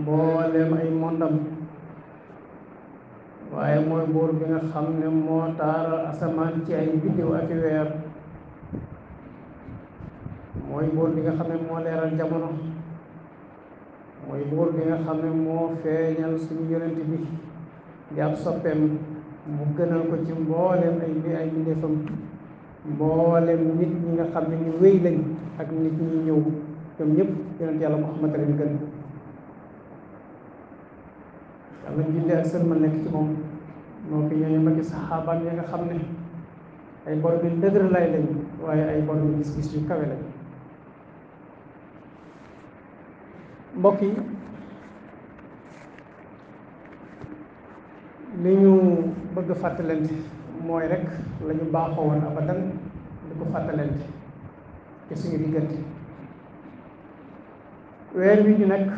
mbooleem ay mondam waaye mooy buur bi nga xam ne moo taaral asamaan ci ay biddiw ak weer mooy buur bi nga xam ne moo leeral jamono mooy buur bi nga xam ne moo feeñal suñu yonent bi di ab soppeem mu gënal ko ci mbooleem ay bi mbooleem nit ñi nga xam ne ñu wéy lañ ak nit ñi ñëw ñoom ñëpp yonent yàlla Muhammad leen gën yàlla julli ak sëlmal nekk ci moom moo fi ñooñu ma gis saxaabaam ya nga xam ne ay borom yu dëgër lay lañ waaye ay borom yu gis-gis yu kawe lañ mbokk yi li ñu bëgg fàttalante mooy rek la ñu baaxoo woon abadan di ko fàttalante ci suñu diggante weer wi ñu nekk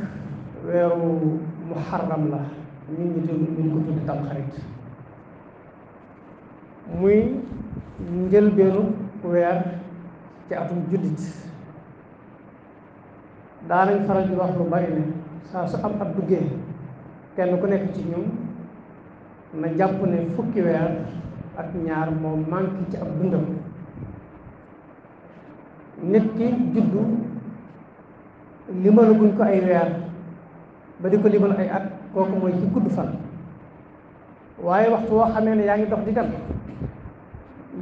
weeru muharram la ñu ngi ci ñu ngi ko tudd tam xarit muy ngeel njëlbeenu weer ci atum jullit nañ faral di wax lu bari ne saa su am ab duggee kenn ku nekk ci ñun na jàpp ne fukki weer ak ñaar moo manki ci ab dundam nit ki juddu limalu guñ ko ay weer ba di ko limal ay at koku moy ci gudd fan waye waxtu woo xamee ne dox di dem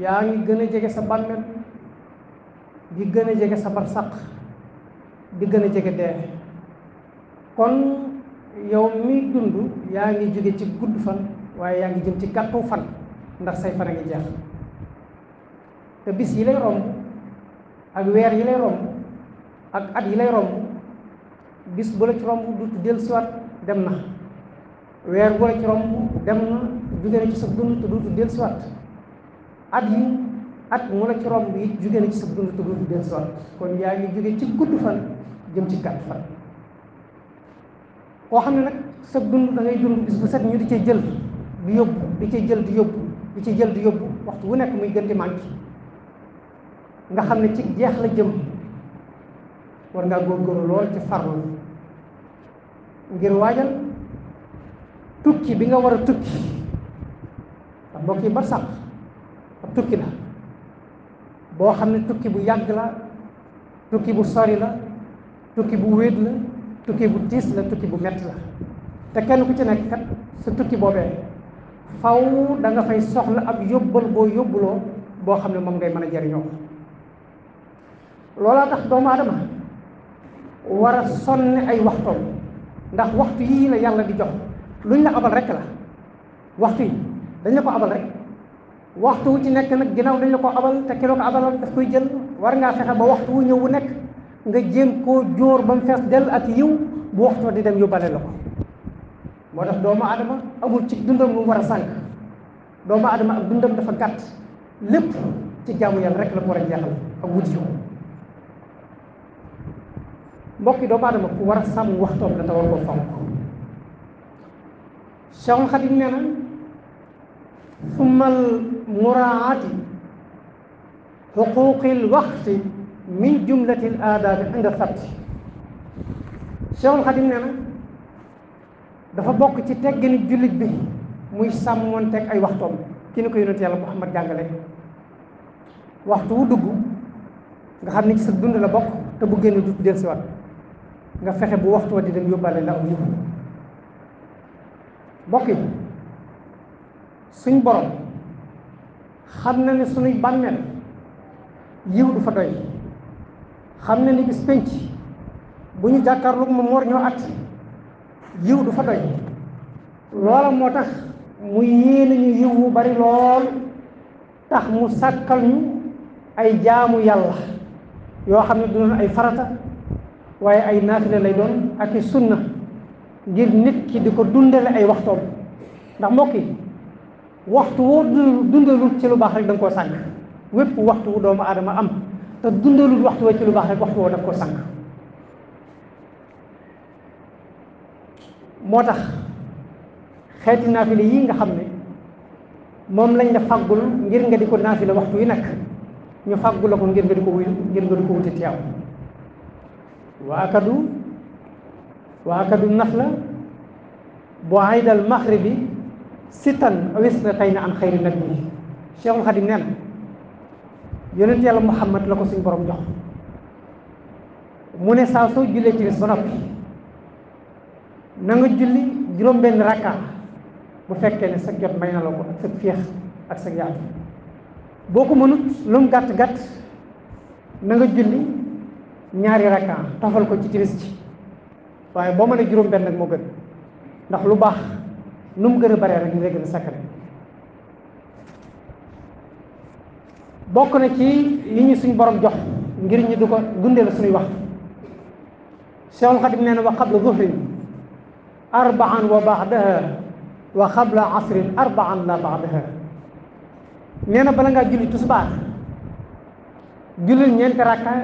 yaangi gëna gën sa bammel di gëna a sa bar sax di gëna a dé kon yow mi dund yaangi ngi ci gudd fan waye yaangi jëm ci gattu fan ndax say fa nga ngi jeex te bis yi lay rom ak weer yi lay rom ak at yi lay rom bis bu la ci rom du wat dem na weer bu la ci romb dem na jóge na ci sa dund te dootu dellusiwaat at yi at mu la ci romb yi jóge na ci sa dund te dootu dellusiwaat kon yaa ngi jóge ci gudd fan jëm ci gàtt fan koo xam ne nag sa dund da ngay bis bu set ñu di cee jël di yóbbu di cee jël di yóbbu di cee jël di yóbbu waxtu wu nekk muy gën di manqué nga xam ne ci jeex la jëm war ngaa góorgóorlu lool ci farlu ngir waajal tukki bi nga war a tukki ndax mbokk yi barsàq tukki la bo xamne tuki tukki bu yag la tukki bu sori la tukki bu wéet la tukki bu tis la tukki bu met la te kenn ku ci nek kat sa tukki bobé faw da nga fay soxla ab yobbal bo yobulo bo xamne mom ngay mëna a lola tax do ma wara sonni ay ndax waxtu yi la yalla di jox luñ la abal rek la waxtu yi dañ la ko abal rek waxtu wu ci nekk nag ginnaaw dañ la ko abal te ki la ko abaloon daf koy jël war ngaa fexe ba waxtu wu ñëw bu nekk nga jéem koo jóor ba mu fees dell ak yiw bu waxtu di dem yóbbale la ko moo tax doomu adama amul ci dundam lu war a sànq doomu adama ak dundam dafa gàtt lépp ci jaamu yàlla rek la ko war a jeexal ak wuti yiw mbokki doomu adama ku war a sàmm waxtoom la te war koo fonk شاون خاتم نانا نعم. ثم المراعاة حقوق الوقت من جملة الآداب عند الثبت شاون خاتم نانا دفا بوك تي تيغن جوليت بي موي سامون تك اي وقتوم كي نكو يونت يالا محمد جانغالي وقتو دوغ غا خامني سي دوند لا بوك تا بوغي نوت ديل سي وات nga fexé bu waxtu wa di dem yobale la mbokk suñ borom xam na ne suñuy bàmmeel yiw du fa doy xam na ni bis pénc bu ñu jàkkaarloog moom war ñoo at yiw du fa doy loola moo tax mu yéene ñu yiw wu bari lool tax mu sàkkal ñu ay jaamu yàlla yoo xam ne du doon ay farata waaye ay naafile lay doon ak i sunna ngir nit ki di ko dundale ay waxtoom ndax mbokk yi waxtu woo dundalul ci lu baax rek da koo sànq wépp waxtu wu doomu aadama am te dundalul waxtu woo ci lu baax rek waxtu woo da koo sànq moo tax xeeti naafile yii nga xam ne moom lañ la faggul ngir nga di ko naafile waxtu wi nag ñu faggul la ko ngir nga di ko wuy ngir di ko wuti tiyaaw waa akadu وأكد النخل بعيد المغرب sitan wisnatayni an xayri nadmi cheikhul xadim nee na am yonent yàlla muhammad la ko suñu borom jox mu ne saa soo jullee timis ba noppi na nga julli juróom benn rakka bu fekkee ne sa jot may na la ko ak sa féex ak sa yaatu boo ko mënut lu mu gàtt gàtt na nga julli ñaari rakka tofal ko ci timis ci waaye boo mën a juróom benn nag moo gën ndax lu baax nu mu gën a baree rek mu ngi gën a sakkan bokk na ci li ñu suñ borom jox ngir ñu di ko la suñuy wax Seexul Xadim nee na wa xabla zuhrin arbaan wa baadaha wa xabla asrin arbaan la baadaha nee na bala ngaa julli tisbaar jullil ñeenti rakka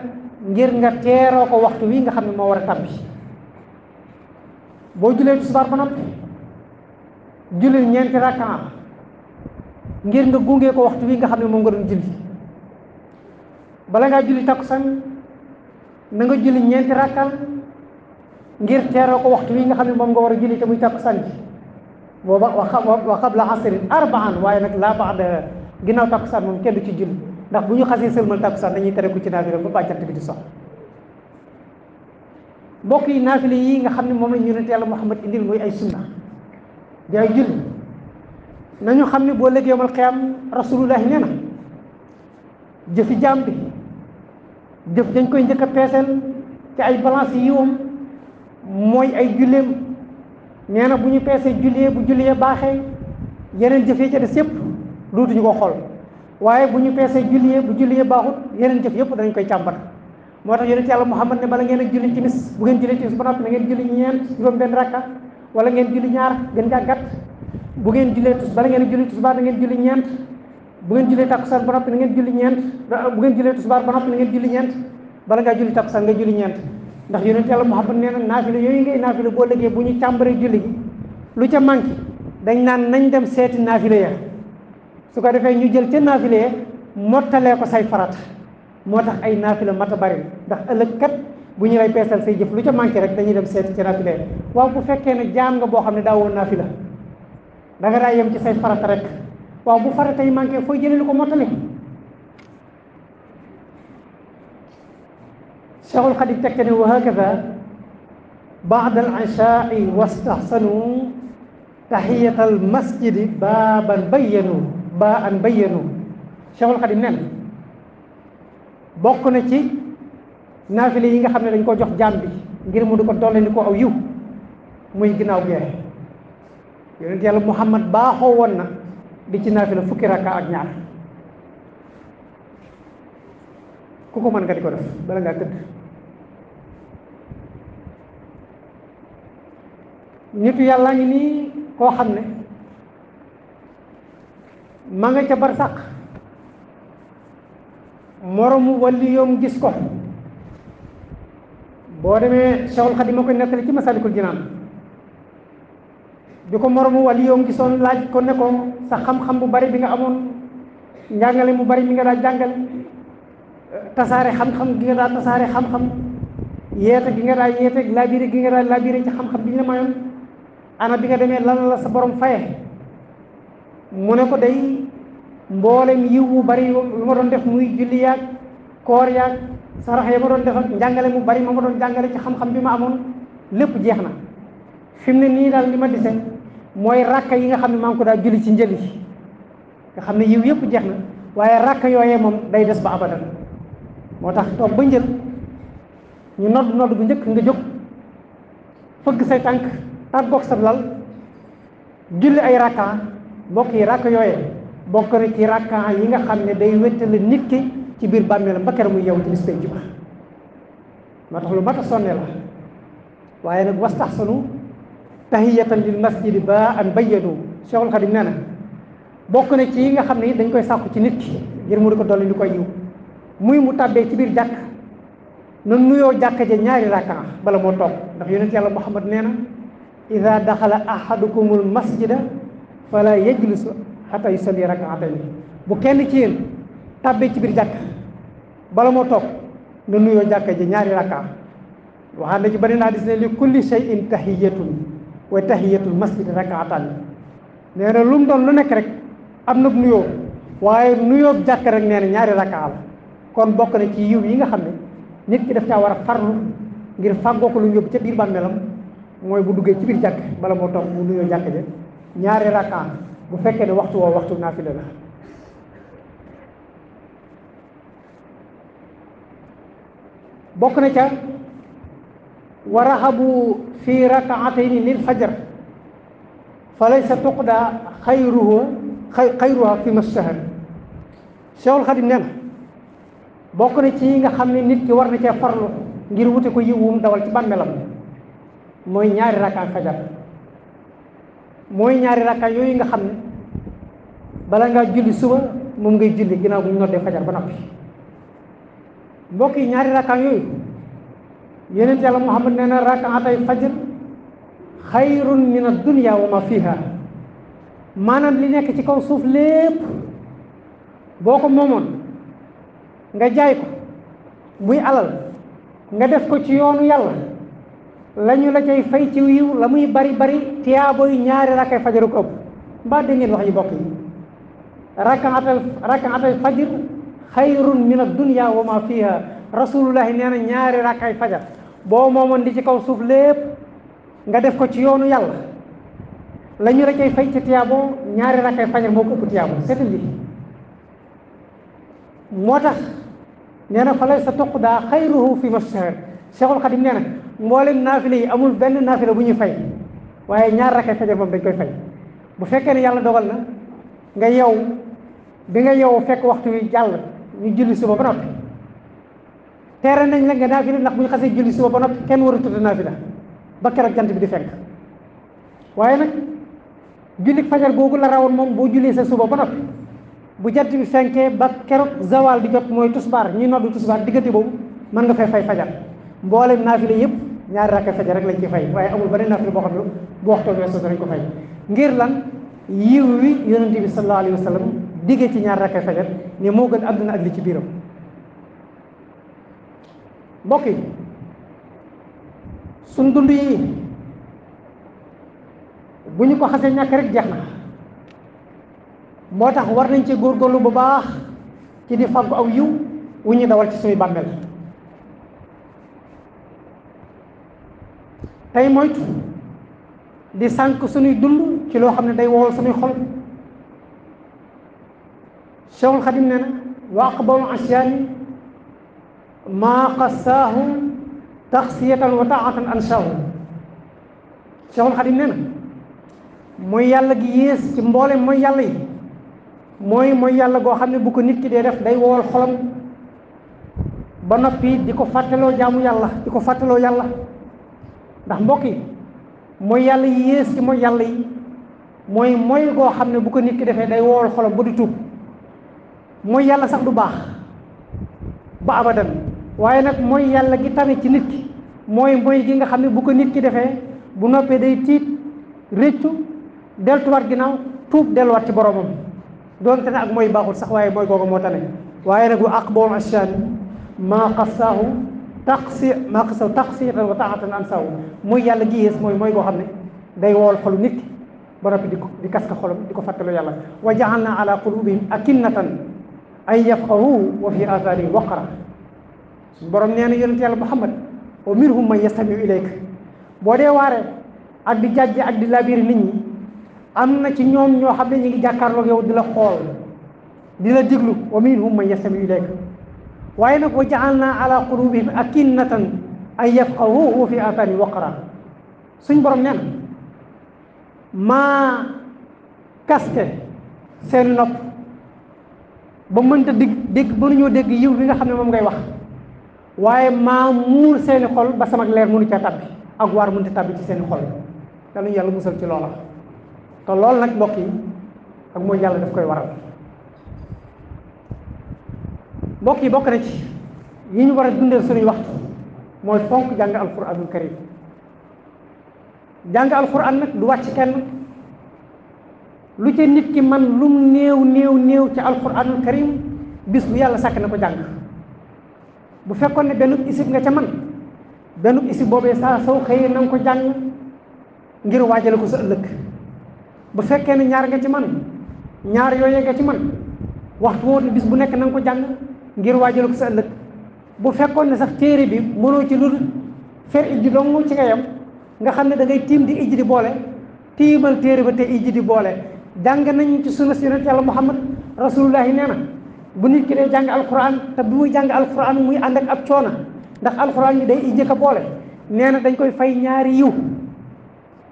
ngir nga teeroo ko waxtu wi nga xam ne moo war a tàbbi boo julee tisbaar fa noppi julli ñeenti rakkaam ngir nga gungee ko waxtu wi nga xam ne moom nga doon julli bala ngaa julli takkusaan na nga julli ñeenti rakkaam ngir teeroo ko waxtu wi nga xam ne moom nga war a julli te muy takkusaan ji booba wa qabla asrin arbaan waaye nag laa ba'da ginnaaw takkusaan moom kenn du ci julli ndax bu ñu xasee sëlmal takkusaan dañuy tere ku ci naafila ba bàjjant bi di sox mbokk yi naafile yi nga xam ne moom la ñu yonent yàlla Muhammad indil muy ay sunna di ay julli nañu xam ne boo léegi yomal xiyaam rasulullahi nee na jëfi jaam bi jëf dañ koy njëkk a peeseel ci ay balance yiwam mooy ay julleem nee na bu ñu peesee jullee bu jullee baaxee yeneen jëf yi ca yëpp ko xool waaye bu ñu peesee jullee bu jullee baaxut yeneen jëf yëpp dañ koy càmbar motax yonent yalla muhammad ne bala ngeen ak julli timis bu ngeen julli timis ba noppi na ngeen julli ñeen juroom ben rakka wala ngeen julli ñaar gën ga gat bu ngeen jullee tus bala ngeen a julli tisbaar na ngeen julli ñeen bu ngeen julli takkusaan ba noppi na ngeen julli ñeen bu ngeen julli tisbaar ba noppi na ngeen julli ñeen bala nga julli takkusaan nga julli ñeen ndax yonent yalla muhammad nee na yoy ngay naafila bo legge bu ñu càmbaree julli gi lu ca manki dañ nan nañ dem seeti naafila ya su ko defé ñu jël ci naafila ya ko say farata moo tax ay naafila mat a bari ndax ëllëg kat bu ñu lay peesal say jëf lu ca manqué rek dañuy dem seet ci naafila waaw bu fekkee ne jaam nga boo xam ne daawoo naafila da nga daa yem ci say farata rek waaw bu farata yi manqué fooy jëlee lu ko mottali Cheikhul Xadim teg ne wa hakada baada al ishaai wastahsanu tahiyatal masjidi baaban bayyanu baa an bayyanu Cheikhul Xadim nee bokk na ci naafile yi nga xam ne dañ ko jox jaam bi ngir mu di ko dolle ko aw yiw muy ginnaaw geere yonent yàlla muhammad baaxoo woon na di ci naafile fukki rakka ak ñaar ku ko mën nga di ko def bala ngaa tëdd nitu yàlla ngi nii koo xam ne ma nga ca barsàq moromu waliyoom gis ko boo demee Cheikhul Khadim moo koy nettali ci Masalikul Jinaan bi ko moromu waliyoom gisoon laaj ko ne ko sa xam-xam bu bari bi nga amoon njàngale mu bari mi nga daa jàngale tasaare xam-xam gi nga daa tasaare xam-xam yeete gi nga daa yeete laabire gi nga daa laabire ci xam-xam bi ñu la mayoon ana bi nga demee lan la sa borom faye mu ne ko day mboole mboolem yiw bu bari yu ma doon def muy julli yaag koor yaag sarax ya ma doon def ak njàngale mu bari ma ma doon jàngale ci xam-xam bi ma amoon lépp jeex na fi mu ne nii daal li ma dese mooy rakka yi nga xam ne maa ngi ko daa julli ci njëli nga xam ne yiw yëpp jeex na waaye rakka yooyee moom day des ba abadan moo tax toog ba njël ñu nodd nodd bu njëkk nga jóg fëgg say tànk tàggoog sa lal julli ay rakka mbokk yi rakka yooyee bokk na ci rakkaa yi nga xam ne day wéttali nit ki ci biir bàmmeelam ba kere muy yow ci bis penc ba moo tax lu mat a sonne la waaye nag wastaxsanu tahiyatan lil masjidi ba an bayyanu Cheikhul Khadim nee na bokk na ci yi nga xam ne dañ koy sàkku ci nit ki ngir mu di ko dolli ñu koy yiw muy mu tàbbee ci biir jàkk na nuyoo jàkk ja ñaari rakkaa bala moo toog ndax yonent yàlla Muhammad nee na ida daxala ahadukumul masjida fala soo xata yu salli rakaatayni bu kenn ci yéen tàbbee ci biir jàkk bala moo toog na nuyoo jàkka ji ñaari rakka waxaan na ci beneen hadis ne li kulli shay'in tahiyatun wa tahiyatul masjid rakaatan nee na lu mu doon lu nekk rek am na nuyoo waaye nuyoo jàkk rek nee na ñaari rakka la kon bokk na ci yiw yi nga xam ne nit ki def caa war a farlu ngir fàggoo ko lu yóbbu ca biir bàmmeelam mooy bu duggee ci biir jàkk bala moo toog bu nuyoo jàkk ja bu fekkee ne waxtu woo waxtu naafila la bokk na ca wa rahabu fi rakaatayni lil fajar fa laysa tuqda xayruha xayruha fi mastahar Seexul Xadim nee na bokk na ci yi nga xam ne nit ki war na cee farlu ngir wute ko yiwum dawal ci bàmmeelam mooy ñaari rakaa fajar mooy ñaari rakka yooyu nga xam ne bala ngaa julli suba moom ngay julli ginaaw bu ñu noddee fajar ba noppi mbokk yi ñaari rakka yooyu yeneen yàlla Muhammad nee na rakkaatay fajr xayrun min ad-dunya wa ma fii fiha maanaam li nekk ci kaw suuf lépp boo ko moomoon nga jaay ko muy alal nga def ko ci yoonu yàlla lañu la cay fay ci yiw la muy bari bari tiyaabo yi ñaari rakkay fajaru ko ëpp mbaa dégg ngeen wax yi bokk yi rakaatal rakaatal fajir xayrun min addunya wa ma fiha rasulullahi nee na ñaari rakkay fajar boo moomoon di ci kaw suuf lépp nga def ko ci yoonu yàlla lañu ñu la cay fay ci tiyaabo ñaari rakkay fajar moo ko ëpp tiyaabo seetal li moo tax nee na fa lay sa toq daa xayruhu fi mastahar Cheikhul Xadim nee na mboolem naafile yi amul benn naafile bu ñuy fay waaye ñaar rakka fajar moom dañ koy fay bu fekkee ne yàlla dogal na nga yow bi nga yow fekk waxtu wi jàll ñu julli suba ba noppi teere nañ la nga naafile ndax bu ñu xasee julli suba ba noppi kenn waru tudd naafila ba keroog jant bi di fenk waaye nag julli fajar googu la rawoon moom boo jullee sa suba ba noppi bu jant bi fenkee ba keroog zawal bi jot mooy tusbaar ñuy noddu tusbaar diggante boobu mën nga fay fay fajar mboolem naafile yëpp ñaari rakka fajar rek lañ ci fay waaye amul beneen nafila boo xam ne bu waxtu weesoo danañ ko ngir lan yiw wi yonente bi sallallahu alayhi wa diggee ci ñaari rakka fajar ne moo gën àdduna ak li ci biiram mbokk yi suñ dund yi bu ñu ko xasee ñàkk rek jeex na moo tax war nañ ci góorgóorlu bu baax ci di fàggu aw yiw wu ñu dawal ci suñuy bàmmeel tey moytu di sànq suñuy dund ci loo xam ne day wowal suñuy xol Cheikhul Xadim nee na wa aqbalu asyaani maa qassaahu taxsiyatan wa taatan ansaahu Cheikhul Xadim nee na mooy yàlla gi yées ci mboolem mooy yàlla yi mooy mooy yàlla goo xam ne bu ko nit ki dee def day wowal xolam ba noppi di ko fàttaloo jaamu yàlla di ko fàttaloo yàlla ndax mbokk yi mooy yàlla yi yées ci mooy yàlla yi mooy mooy goo xam ne bu ko nit ki defee day woowal xolam ba du tuub mooy yàlla sax du baax ba abadan waaye nag mooy yàlla gi tane ci nit ki mooy mooy gi nga xam ne bu ko nit ki defee bu noppee day tiit réccu deltuwaat ginnaaw tuub delluwaat ci boromam doonte ne ak mooy baaxul sax waaye mooy googu moo tane waaye nag wa aqbahu ashan maa qassaahu taqsi maqsa taqsiyatan wa taatan an saw mooy yàlla gi yées mooy mooy goo xam ne day wool xolu nit ba noppi di ko di kaska xolam di ko fàttalu yàlla wa ja'alna ala qulubihim akinnatan ay yafqahu wa fi asaanihim waqra suñu borom nee na yonent yàlla Muhammad wa minhum man yastami'u ilayka boo dee waaree ak di jàjje ak di labiri nit ñi am na ci ñoom ñoo xam ne ñu ngi jàkkaarloog yow dina la xool di diglu wa minhum man yastami'u ilayka waaye nag wa jaalna ala qulubihim akinnatan an yafqahuhu fi afaani waqra suñ borom nee na maa kaste seen nopp ba mënta dégg dégg mënuñoo dégg yiw bi nga xam ne moom ngay wax waaye maa muur seeni xol ba sama leer mënu ca tàbbi ak waar mënta tàbbi ci seeni xol danañu yàlla musal ci loola te lool nag mbokk yi ak mooy yàlla daf koy waral mbokk yi bokk na ci yi ñu war a dundal suñuy waxtu mooy fonk jàng al karim jàng alquran nag du wàcc kenn lu ca nit ki man lum néew néew néew ci Al karim bis bu yàlla sàkk na ko jàng bu fekkoon ne benn isib nga ca man benn isib boobee saa saw xëyee na nga ko jàng ngir waajale ko sa ëllëg bu fekkee ne ñaar nga ci man ñaar yooyee nga ci man waxtu woo bis bu nekk na nga ko jàng ngir waajal ko sa ëllëg bu fekkoon ne sax téere bi mënoo ci lu fer ijji dong ci nga yem nga xam ne da ngay tiim di ijji di boole tiimal téere ba te ijji di boole jàng nañu ci sunna si yonent yàlla muhammad rasulullahi nee na bu nit ki day jàng alquran te bu muy jàng alquran muy ànd ak ab coona ndax alquran yi day ijji ko boole nee na dañ koy fay ñaari yiw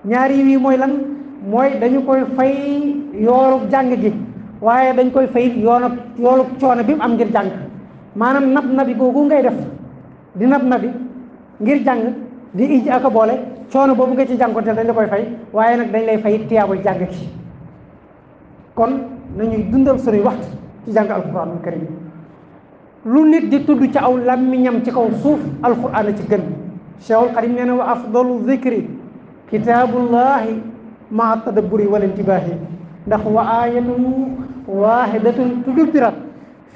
ñaari yiw yi mooy lan mooy dañu koy fay yoorub jàng gi waaye dañ koy fay yoonub yoolub coono bi am ngir jàng maanaam nab nabi googu ngay def di nab nabi ngir jàng di ij ak boole coono boobu nga ci jànkonteel dañ la koy fay waaye nag dañ lay fay tiyaabul jàng ci kon nañuy dundal sunuy waxtu ci jàng alquranul karim lu nit di tudd ci aw làmmiñam ci kaw suuf alquran a ci gën cheikhul xadim nee na wa afdalu zikri kitaabullahi maa tadabburi wal intibaahi ndax wa aayatun waahidatun tudubbirat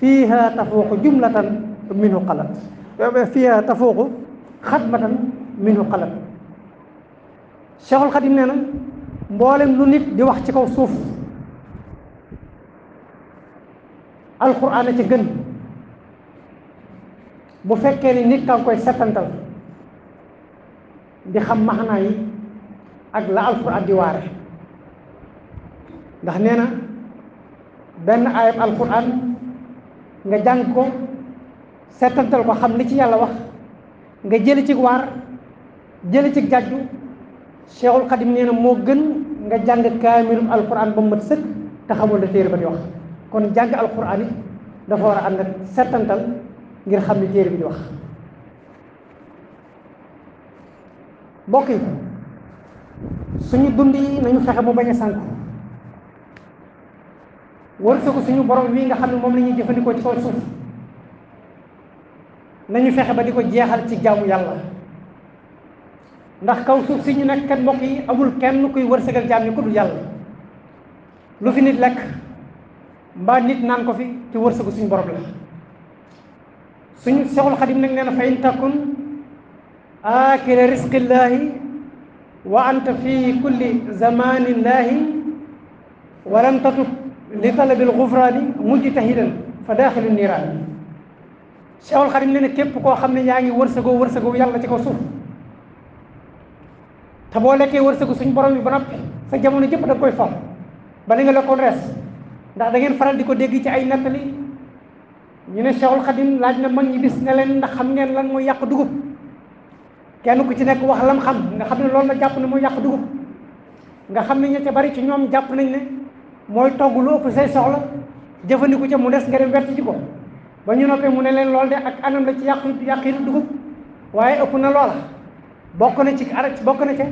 fiiha tafuuqu jumlatan minhu xalat fiiha tafuuqu xatmatan minhu xalat Cheikhul Xadim nee na mboolem lu nit di wax ci kaw suuf alxuraan a ci gën bu fekkee ni nit kan koy settantal di xam maxanaa ak la alxuraan di waare ndax nee na benn ayab alxuraan nga jàng ko seetantal ko xam li ci yàlla wax nga jëli ci waar jëli ci jàjju cheikhul xadim nee na moo gën nga jàng kaamilum alquran ba mu mat sëkk te xamul da téere ba di wax kon jàng alquran dafa war a ànd ak seetantal ngir xam li téere bi di wax bokk yi suñu dund yi nañu fexe mu bañ a sànku wërsëgu suñu borom wi nga xam ne moom la ñuy jëfandikoo ci kaw suuf nañu fexe ba di ko jeexal ci jaamu yàlla ndax kaw suuf suñu ñu nekk kat mbokk yi amul kenn kuy wërsëgal jaam ñi ko du yàlla lu fi nit lekk mbaa nit naan ko fi ci wërsëgu suñu borom la suñu Seexul Xadim nag neena na fa in takun aakila risqillaahi wa anta fi kulli zamanillahi walam tatub li talabil gufraani mujtahidan fa daaxilu niiraan Cheikhul Xadim ne ne képp koo xam ne ñaa ngi wërsëgoo wërsëgoo yàlla ci kaw suuf te boo lekkee wërsëgu suñ borom yi ba noppi sa jamono jépp da nga koy fam ba li nga lekkoon rees ndax da ngeen faral di ko dégg ci ay nettali ñu ne Cheikhul Xadim laaj na mag ñi bis ne leen ndax xam ngeen lan mooy yàq dugub kenn ku ci nekk wax lam xam nga xam ne loolu la jàpp ne mooy yàq dugub nga xam ne ña ca bari ci ñoom jàpp nañ ne moy togg lu ëpp say soxla jëfandiku ci mu dess nga dem wert ji ko ba ñu noppé mu ne len lol de ak anam la ci yàqu yàqitu dugub waye ëpp na lol bokk na ci ara bokk na ci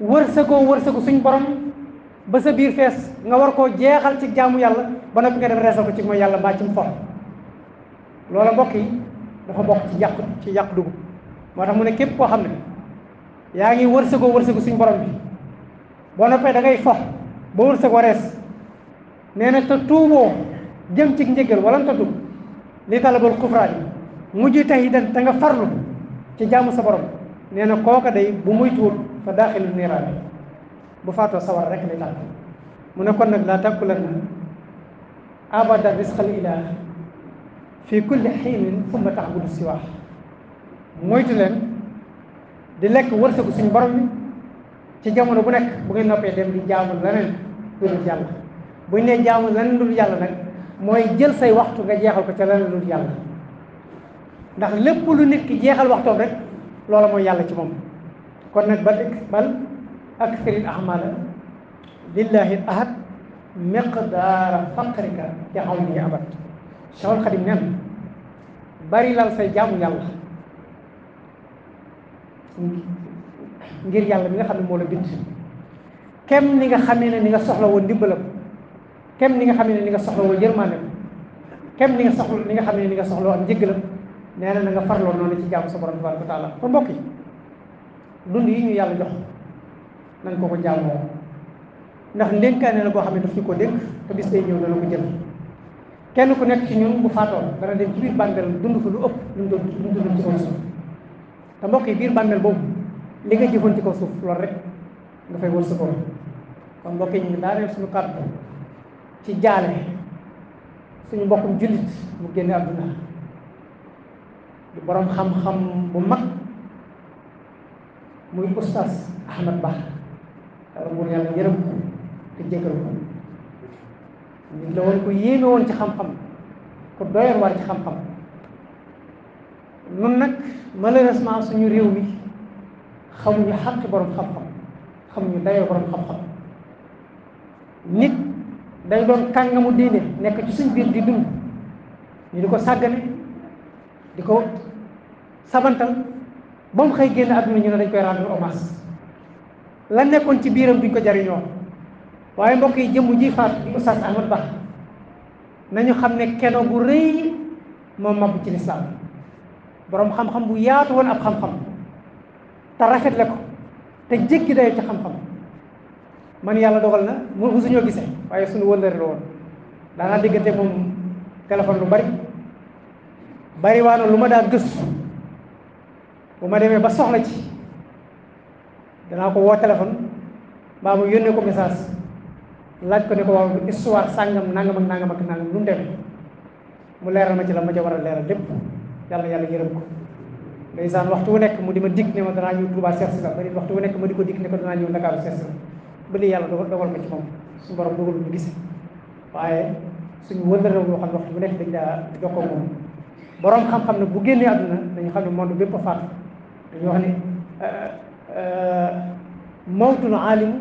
wërsego wërsego suñ borom ba sa biir fess nga war ko jéxal ci jaamu yalla ba noppi nga dem reesal ko ci mo yalla ba ci mu foro loola mbokk yi dafa bokk ci yàq ci yàq dugub moo tax mu ne képp ko xam yaangi wërsego wërsego suñ borom bi bo noppé da ngay fo ba wërsëg warees nee na te tuuboo jëm ci njëgal wala nga tub li talabal kufraat yi mujj tahidan te farlu ci jaamu sa borom nee na kooka day bu muy tuub fa daaxilu niiraan bu faatoo sawar rek lay tàll mu ne kon nag laa tàkkulan abada risqal ilaah fii kulli xiinin summa taxbudu siwaax moytu leen di lekk wërsëgu suñu borom ci jamono bu nekk bu ngeen noppee dem di jaamu leneen lu dul yàlla nee jaamu leneen lu yàlla nag mooy jël say waxtu nga jeexal ko ca leneen lu yàlla ndax lépp lu nit ki jeexal waxtoom rek loola mooy yàlla ci moom kon nag bal bal aksaril ahmala lillahi ahad miqdaara faqrika yaxaw nii abad Cheikhul Xadim nen bari lal say jaamu yàlla ngir yàlla mi nga xam ne moo la bind kem ni nga xamee ne ni nga soxla woon ndimbalam kem ni nga xamee ne ni nga soxla woon yërmaaneem kem ni nga soxla ni nga xamee ne ni nga soxla woon njëggalam nee na na nga farloo noonu ci jaamu sa borom tabaraka wa taala kon mbokk yi yi ñu yàlla jox ko ko jaamoo ndax ndénkaane la boo xam ne daf ñu ko dénk te bis day ñëw dana ko jël kenn ku nekk ci ñun bu faatoon dana dem ci biir bàmmeel dund fa lu ëpp lu mu doon dund ci kaw suuf te mbokk biir bàmmeel boobu li nga jëfoon ci suuf loolu rek nga fay wër kon mbokk ñu ngi daaneel suñu kàddu ci jaale suñu mbokkum jullit mu génne àdduna di borom xam-xam bu mag muy oustaz Ahmad Ba yàlla nguur yàlla yërëm ko te jégal ko ñu la ku yéeme ci xam-xam ku doyoon waar ci xam-xam nun nag malheureusement suñu réew mi xamuñu xàq borom xam-xam xamuñu dayoo borom xam-xam nit day doon mu diine nekk ci suñ biir di dund ñu di ko sàggane di ko sabantal ba xëy génn àdduna ñu ne dañ koy rendre hommage la nekkoon ci biiram duñ ko jariñoo waaye mbokk yi jëmm ji faat di Oustaz Ahmad Ba nañu xam ne keno bu rëy moom mabbu ci lislaam borom xam-xam bu yaatu woon ab xam-xam te rafetle ko te jékki dayo ci xam-xam man yàlla dogal na mu musuñoo gisee waaye suñu wëllëre la woon daanaa diggante moom téléphone lu bari bari waa waana lu ma daa gëstu bu ma demee ba soxla ci danaa ko woo téléphone mbaa mu yónnee ko message laaj ko ne ko waaw histoire sàngam nangam ak nangam ak nangam lu mu demee mu leeral ma ci la ma ca war a leeral lépp yàlla yàlla yërëm ko ndeysaan waxtu wu nekk mu di ma dikk ne ma danaa ñëw Touba seet si la ba waxtu wu nekk ma di ko dikk ne ko danaa ñëw Ndakaaru seet si la ba li yàlla dogal dogal ma ci moom suñu borom dogal ñu gis waaye suñu wëndal la boo xam ne waxtu bu nekk dañ daa ko moom borom xam-xam ne bu génnee àdduna dañu xam ne monde bépp a faatu dañu wax ne euh, euh, mawtul aalimu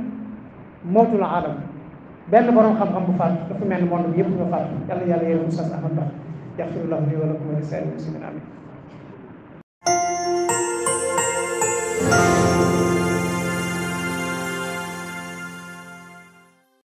mawtul aalam benn borom xam-xam bu faatu dafa mel ni monde bi yëpp ñoo faatu yàlla yàlla yéen a musal ahmad bax Thank you.